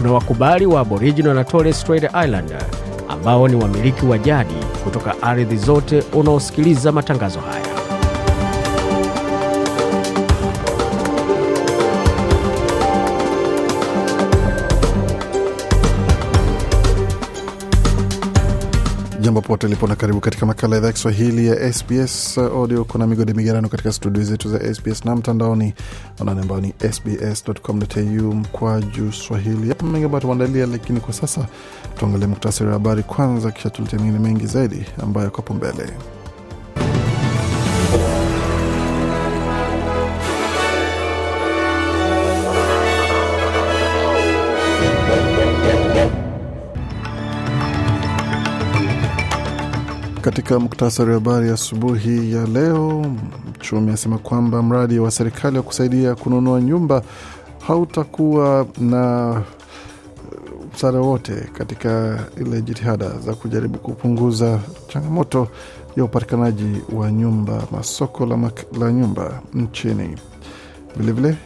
kuna wakubali wa Aboriginal na Torres Strait Islander ambao ni wamiliki wa jadi kutoka ardhi zote unaosikiliza matangazo haya. Jambo pote lipo na karibu katika makala idhaa ya Kiswahili ya SBS uh, Audio. Kuna migode migerano katika studio zetu za SBS na mtandaoni anwani ambayo ni sbs.com.au juu swahili. Yapo mengi ambayo tumeandalia, lakini kwa sasa tuangalie muktasari wa habari kwanza, kisha tulete mengine mengi zaidi ambayo kapo mbele. Katika muktasari wa habari asubuhi ya, ya leo, mchumi asema kwamba mradi wa serikali wa kusaidia kununua nyumba hautakuwa na uh, msaada wote katika ile jitihada za kujaribu kupunguza changamoto ya upatikanaji wa nyumba masoko la, la nyumba nchini. Vilevile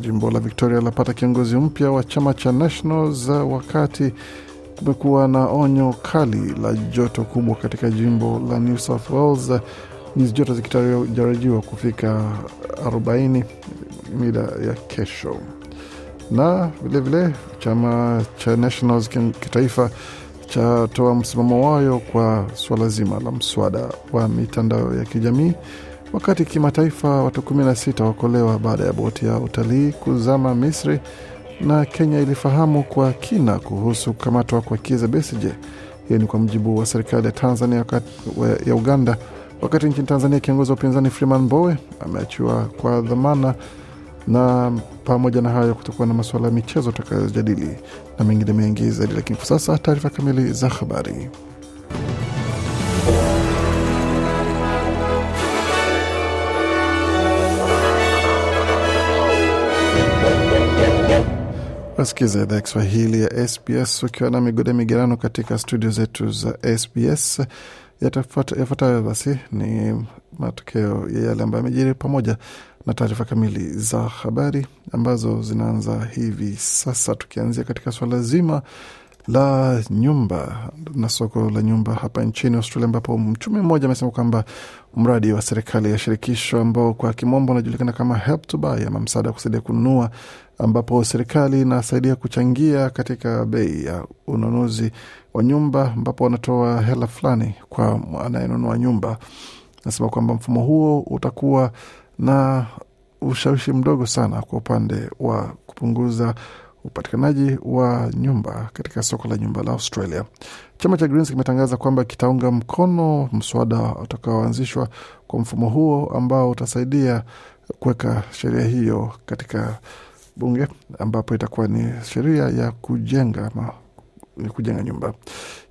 jimbo la Victoria lapata kiongozi mpya wa chama cha National za wakati kumekuwa na onyo kali la joto kubwa katika jimbo la New South Wales, nyuzi joto zikitarajiwa kufika 40 mida ya kesho. Na vilevile chama cha Nationals kitaifa chatoa msimamo wayo kwa suala zima la mswada wa mitandao ya kijamii, wakati kimataifa watu 16 waokolewa baada ya boti ya utalii kuzama Misri na Kenya ilifahamu kwa kina kuhusu kukamatwa kwa Kiza Besigye. Hiyo ni kwa mujibu wa serikali ya Tanzania wakati, ya Uganda. Wakati nchini Tanzania kiongozi wa upinzani Freeman Mbowe ameachiwa kwa dhamana, na pamoja na hayo kutokuwa na masuala ya michezo tutakayojadili na mengine mengi zaidi, lakini kwa sasa taarifa kamili za habari. Wasikiza idhaa ya Kiswahili ya SBS ukiwa na migode migerano katika studio zetu za SBS. Yafuatayo basi ni matokeo ya yale ambayo yamejiri pamoja na taarifa kamili za habari ambazo zinaanza hivi sasa, tukianzia katika swala zima la nyumba na soko la nyumba hapa nchini Australia, ambapo mchumi mmoja amesema kwamba mradi wa serikali ya shirikisho ambao kwa kimombo unajulikana kama Help to Buy ama msaada wa kusaidia kununua, ambapo serikali inasaidia kuchangia katika bei ya ununuzi wa nyumba, ambapo wanatoa hela fulani kwa anayenunua nyumba. Nasema kwamba mfumo huo utakuwa na ushawishi mdogo sana kwa upande wa kupunguza upatikanaji wa nyumba katika soko la nyumba la Australia. Chama cha Greens kimetangaza kwamba kitaunga mkono mswada utakaoanzishwa kwa mfumo huo ambao utasaidia kuweka sheria hiyo katika bunge, ambapo itakuwa ni sheria ya kujenga ma, ni kujenga nyumba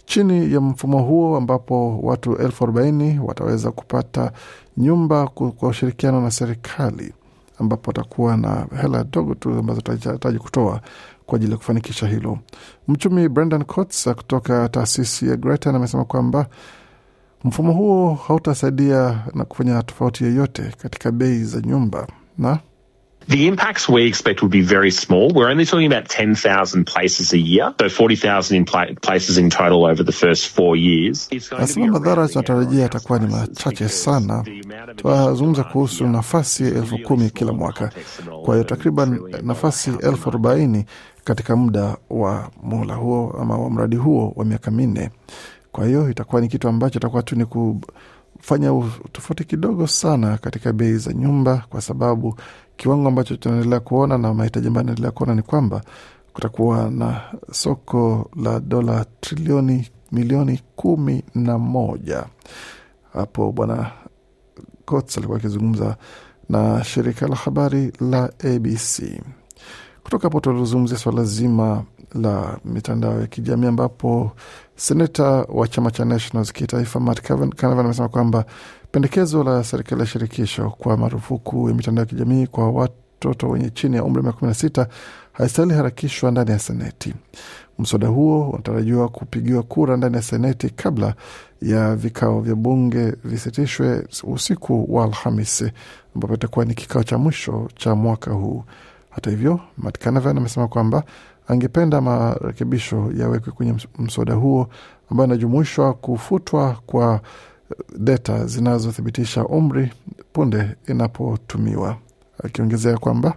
chini ya mfumo huo ambapo watu elfu arobaini wataweza kupata nyumba kwa ushirikiano na serikali ambapo atakuwa na hela dogo tu ambazo atahitaji kutoa kwa ajili ya kufanikisha hilo. Mchumi Brendan Coates kutoka taasisi ya Grattan amesema kwamba mfumo huo hautasaidia na kufanya tofauti yoyote katika bei za nyumba na The impacts we expect will be very small. We're only talking about 10,000 places a year, so 40,000 in places in total over the first four years. Nasema madhara tunatarajia yatakuwa ni machache sana. Tunazungumza kuhusu nafasi elfu kumi kila mwaka, kwa hiyo takriban nafasi elfu arobaini katika muda wa muhula huo ama wa mradi huo wa miaka minne. Kwa hiyo itakuwa ni kitu ambacho itakuwa tu ni ku kufanya tofauti kidogo sana katika bei za nyumba, kwa sababu kiwango ambacho tunaendelea kuona na mahitaji ambayo anaendelea kuona ni kwamba kutakuwa na soko la dola trilioni milioni kumi na moja. Hapo Bwana Coates alikuwa akizungumza na shirika la habari la ABC. Kutoka hapo tulizungumzia swala zima la mitandao ya kijamii ambapo seneta wa chama cha Nationals kitaifa Matt Canavan amesema kwamba pendekezo la serikali ya shirikisho kwa marufuku ya mitandao ya kijamii kwa watoto wenye chini ya umri wa miaka kumi na sita haistahili harakishwa ndani ya Seneti. Mswada huo unatarajiwa kupigiwa kura ndani ya Seneti kabla ya vikao vya bunge visitishwe usiku wa Alhamisi, ambapo itakuwa ni kikao cha mwisho cha mwaka huu. Hata hivyo, Matt Canavan amesema kwamba angependa marekebisho yawekwe kwenye mswada huo ambayo inajumuishwa kufutwa kwa deta zinazothibitisha umri punde inapotumiwa, akiongezea kwamba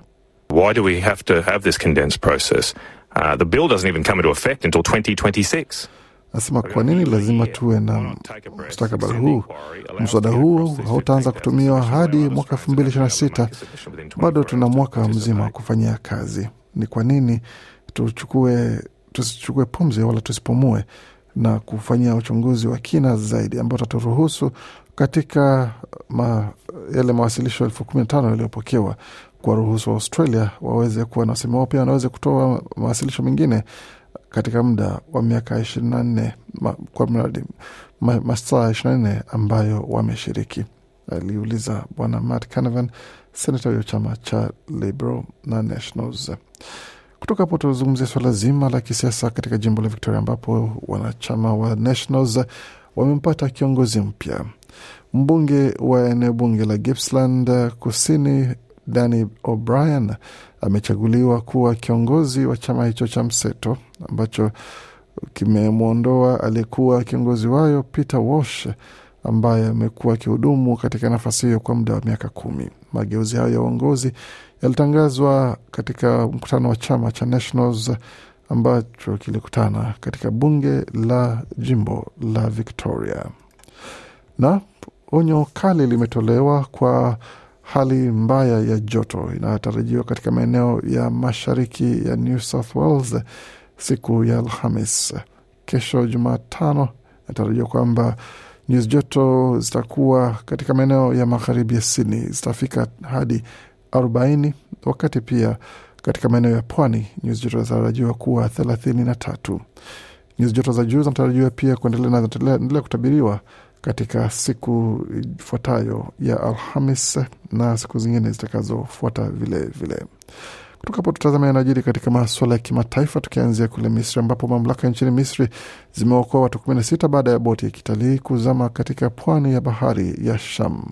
Why do we have to have this condensed process? Uh, the bill doesn't even come into effect until 2026. Nasema kwa nini lazima tuwe na mustakabali huu? Mswada huo hautaanza kutumiwa hadi mwaka 2026. Bado tuna mwaka mzima wa kufanyia kazi. Ni kwa nini tuchukue tusichukue pumzi wala tusipumue na kufanyia uchunguzi wa kina zaidi ambao taturuhusu katika ma, yale mawasilisho elfu kumi na tano yaliyopokewa kwa ruhusu wa Australia waweze kuwa na wasemi wao, pia wanaweze kutoa mawasilisho mengine katika muda wa miaka ishirini na nne kwa mradi masaa ishirini na nne ambayo wameshiriki, aliuliza Bwana Matt Canavan, senata wa chama cha Liberal na Nationals. Kutoka hapo tuzungumzia swala zima la kisiasa katika jimbo la Victoria, ambapo wanachama wa Nationals wamempata kiongozi mpya. Mbunge wa eneo bunge la Gippsland Kusini, Danny O'Brien amechaguliwa kuwa kiongozi wa chama hicho cha mseto ambacho kimemwondoa aliyekuwa kiongozi wayo Peter Walsh ambaye amekuwa akihudumu katika nafasi hiyo kwa muda wa miaka kumi. Mageuzi hayo ya uongozi yalitangazwa katika mkutano wa chama cha Nationals ambacho kilikutana katika bunge la jimbo la Victoria. Na onyo kali limetolewa kwa hali mbaya ya joto inayotarajiwa katika maeneo ya mashariki ya New South Wales siku ya Alhamis. Kesho Jumatano inatarajiwa kwamba Nyuzi joto zitakuwa katika maeneo ya magharibi ya Sydney zitafika hadi 40, wakati pia katika maeneo ya pwani nyuzi joto zinatarajiwa kuwa 33. Nyuzi joto za juu zinatarajiwa pia kuendelea na zinaendelea kutabiriwa katika siku ifuatayo ya Alhamis na siku zingine zitakazofuata vilevile tukapo tutazama yanaojiri katika maswala ya kimataifa, tukianzia kule Misri ambapo mamlaka nchini Misri zimeokoa watu 16 baada ya boti ya kitalii kuzama katika pwani ya bahari ya Sham.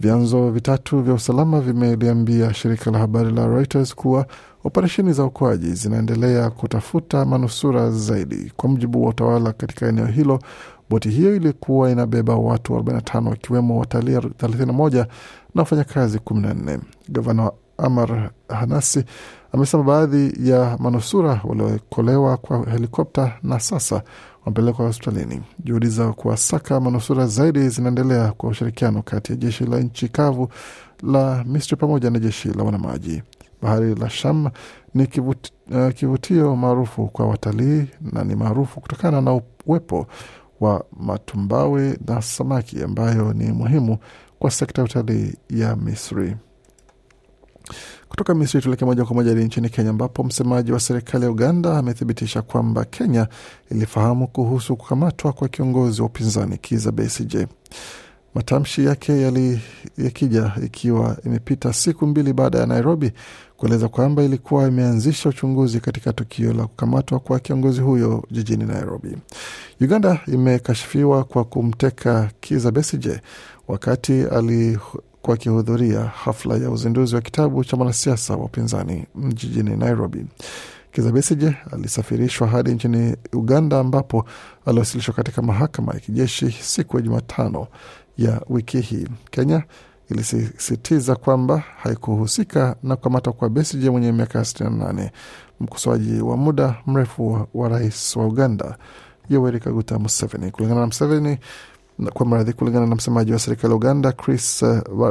Vyanzo vitatu vya usalama vimeliambia shirika la habari la Reuters kuwa operesheni za ukoaji zinaendelea kutafuta manusura zaidi. Kwa mujibu wa utawala katika eneo hilo, boti hiyo ilikuwa inabeba watu 45 wakiwemo watalii 31 na wafanyakazi 14. Gavana Amar Hanasi amesema baadhi ya manusura waliokolewa kwa helikopta na sasa wamepelekwa hospitalini. Juhudi za kuwasaka manusura zaidi zinaendelea kwa ushirikiano kati ya jeshi la nchi kavu la Misri pamoja na jeshi la wanamaji. Bahari la Sham ni kivutio, uh, eh, kivutio maarufu kwa watalii na ni maarufu kutokana na uwepo wa matumbawe na samaki ambayo ni muhimu kwa sekta ya utalii ya Misri. Kutoka Misri tuelekee moja kwa moja nchini Kenya, ambapo msemaji wa serikali ya Uganda amethibitisha kwamba Kenya ilifahamu kuhusu kukamatwa kwa kiongozi wa upinzani Kizza Besigye. Matamshi yake yakija ikiwa imepita siku mbili baada ya Nairobi kueleza kwamba ilikuwa imeanzisha uchunguzi katika tukio la kukamatwa kwa kiongozi huyo jijini Nairobi. Uganda imekashifiwa kwa kumteka Kizza Besigye wakati ali, kwa akihudhuria hafla ya uzinduzi wa kitabu cha mwanasiasa wa upinzani jijini Nairobi. Kizza Besigye alisafirishwa hadi nchini Uganda ambapo aliwasilishwa katika mahakama ya kijeshi siku ya Jumatano ya wiki hii. Kenya ilisisitiza kwamba haikuhusika na kukamatwa kwa Besigye mwenye miaka 68. Mkosoaji wa muda mrefu wa rais wa Uganda Yoweri Kaguta Museveni. Kulingana na Museveni, kwa mradhi, kulingana na msemaji wa serikali ya Uganda Chris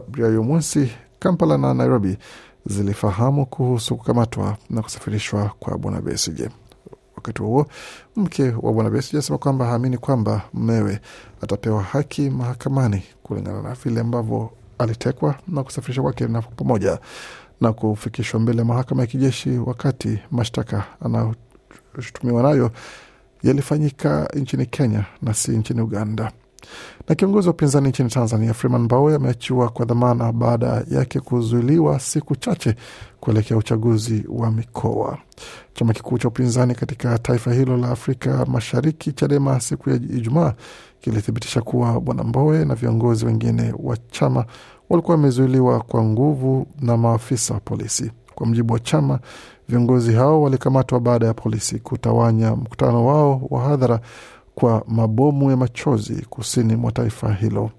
Byayomunsi. Eh, uh, Kampala na Nairobi zilifahamu kuhusu kukamatwa na kusafirishwa kwa Bwana Besigye. Wakati huo mke wa Bwana Besigye asema kwamba haamini kwamba mmewe atapewa haki mahakamani kulingana na vile ambavyo alitekwa na kusafirishwa kwake na pamoja na kufikishwa mbele ya mahakama ya kijeshi, wakati mashtaka anaoshutumiwa nayo yalifanyika nchini Kenya na si nchini Uganda. Na kiongozi wa upinzani nchini Tanzania Freeman Mbowe ameachiwa kwa dhamana baada yake kuzuiliwa siku chache kuelekea uchaguzi wa mikoa. Chama kikuu cha upinzani katika taifa hilo la Afrika Mashariki, Chadema, siku ya Ijumaa kilithibitisha kuwa bwana Mbowe na viongozi wengine wa chama walikuwa wamezuiliwa kwa nguvu na maafisa wa polisi. Kwa mjibu wa chama, viongozi hao walikamatwa baada ya polisi kutawanya mkutano wao wa hadhara kwa mabomu ya machozi kusini mwa taifa hilo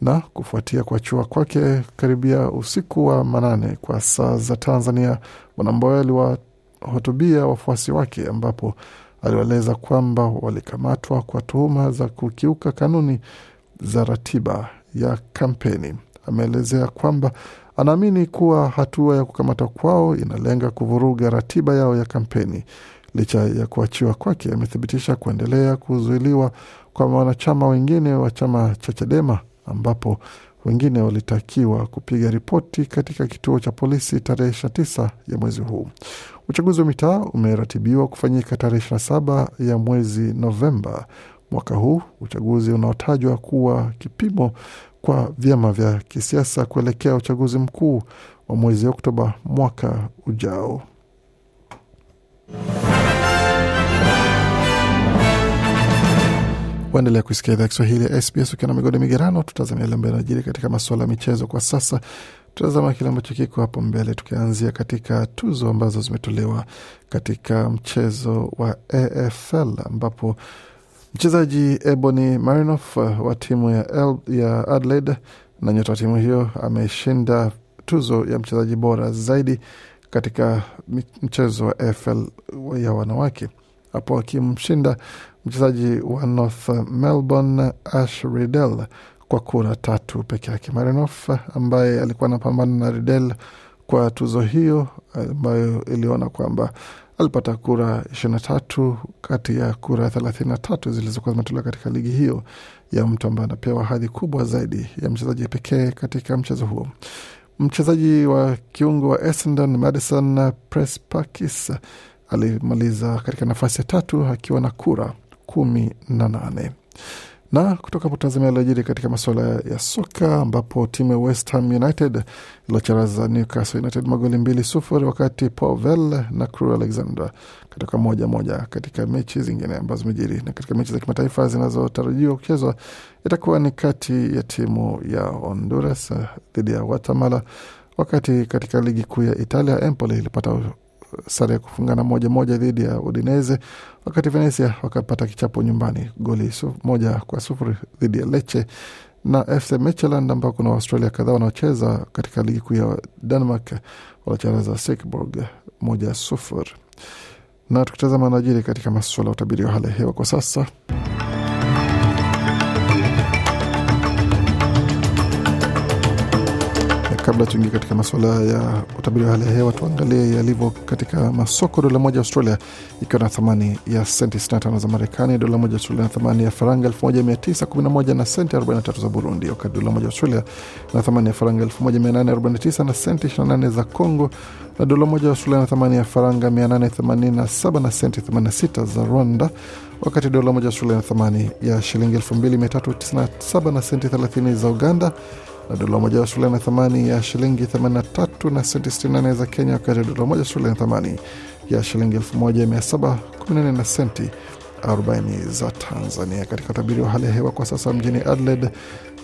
na kufuatia kuachiwa kwake karibia usiku wa manane kwa saa za Tanzania, Bwana aliwahutubia wafuasi wake, ambapo aliwaeleza kwamba walikamatwa kwa tuhuma za kukiuka kanuni za ratiba ya kampeni. Ameelezea kwamba anaamini kuwa hatua ya kukamata kwao inalenga kuvuruga ratiba yao ya kampeni Licha ya kuachiwa kwake, amethibitisha kuendelea kuzuiliwa kwa wanachama wengine wa chama cha Chadema, ambapo wengine walitakiwa kupiga ripoti katika kituo cha polisi tarehe tisa ya mwezi huu. Uchaguzi wa mitaa umeratibiwa kufanyika tarehe saba ya mwezi Novemba mwaka huu, uchaguzi unaotajwa kuwa kipimo kwa vyama vya kisiasa kuelekea uchaguzi mkuu wa mwezi Oktoba mwaka ujao. Waendelea kuisikia idhaa Kiswahili ya SBS ukiwa na migodi migerano. Tutazamia yale ambayo yanajiri katika masuala ya michezo kwa sasa. Tutazama kile ambacho kiko hapo mbele, tukianzia katika tuzo ambazo zimetolewa katika mchezo wa AFL ambapo mchezaji Ebony Marinoff uh, wa timu ya, El, ya Adelaide na nyota wa timu hiyo ameshinda tuzo ya mchezaji bora zaidi katika mchezo wa AFL ya wanawake hapo akimshinda mchezaji wa North Melbourne Ash Riddell kwa kura tatu peke yake. Marinof ambaye alikuwa anapambana na Riddell kwa tuzo hiyo ambayo iliona kwamba alipata kura tatu kati ya kura tatu zilizokuwa zimetolewa katika ligi hiyo ya mtu ambaye anapewa hadhi kubwa zaidi ya mchezaji pekee katika mchezo huo. Mchezaji wa kiungo wa Essendon Madison Prespakis alimaliza katika nafasi ya tatu akiwa na kura kumi na nane na kutoka potazamia iliojiri katika masuala ya soka ambapo timu ya West Ham United iliocharaza Newcastle United magoli mbili sufuri, wakati Pavel na cru Alexander kutoka moja moja katika mechi zingine ambazo zimejiri. Na katika mechi za kimataifa zinazotarajiwa kuchezwa itakuwa ni kati ya timu ya Honduras eh, dhidi ya Guatemala, wakati katika ligi kuu ya Italia Empoli ilipata sare ya kufungana moja moja dhidi ya Udineze, wakati Venesia wakapata kichapo nyumbani goli su, moja kwa sufuri dhidi ya Leche na FC mcheland ambao kuna Waustralia kadhaa wanaocheza katika ligi kuu ya Denmark wanacharaza Silkeborg moja sufuri. Na tukitazama najiri katika masuala ya utabiri wa hali ya hewa kwa sasa kabla tuingie katika masuala ya utabiri wa hali ya hewa, tuangalie yalivyo katika masoko. Dola moja Australia ikiwa na thamani ya senti 65 za Marekani. Dola moja Australia na thamani ya faranga 1911 na senti 43 za Burundi, wakati dola moja Australia na thamani ya faranga 1849 na senti 28 za Congo, na dola moja Australia na thamani ya faranga 887 na senti 86 za Rwanda wakati dola moja Australia na thamani ya shilingi 2397 na senti 30 za Uganda na dola moja ya Australia na thamani ya shilingi 83 na senti 68 za Kenya, wakati dola moja ya Australia na thamani ya shilingi 1714 na senti 40 za Tanzania. Katika utabiri wa hali ya hewa kwa sasa, mjini Adelaide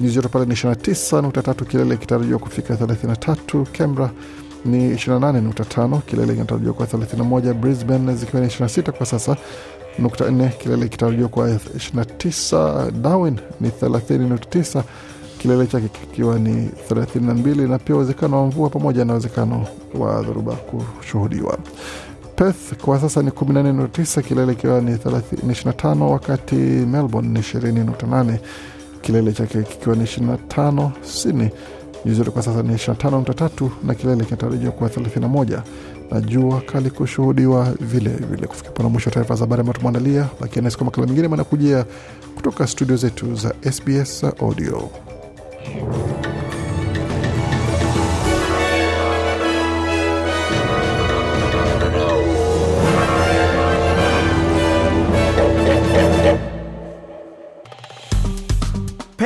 nyuzi joto pale ni 29.3, kilele kitarajiwa kufika 33. Canberra ni 28.5, kilele kinatarajiwa kwa 31. Brisbane zikiwa ni 26 kwa sasa nukta 4, kilele kitarajiwa kwa 29. Darwin ni 30.9 kilele chake kikiwa ni 32 na pia uwezekano wa mvua pamoja na uwezekano wa dhoruba kushuhudiwa. Perth kwa sasa ni 14.9, kilele ikiwa ni 25, wakati Melbourne ni 20.8, kilele chake kikiwa ni 25. Sydney nyuzi joto kwa sasa ni 25.3 na kilele kinatarajiwa kuwa 31 na jua kali kushuhudiwa vile vile. Kufikia pona mwisho wa taarifa za habari ambayo tumeandalia, lakini nasi kwa makala mengine manakujia kutoka studio zetu za SBS Audio.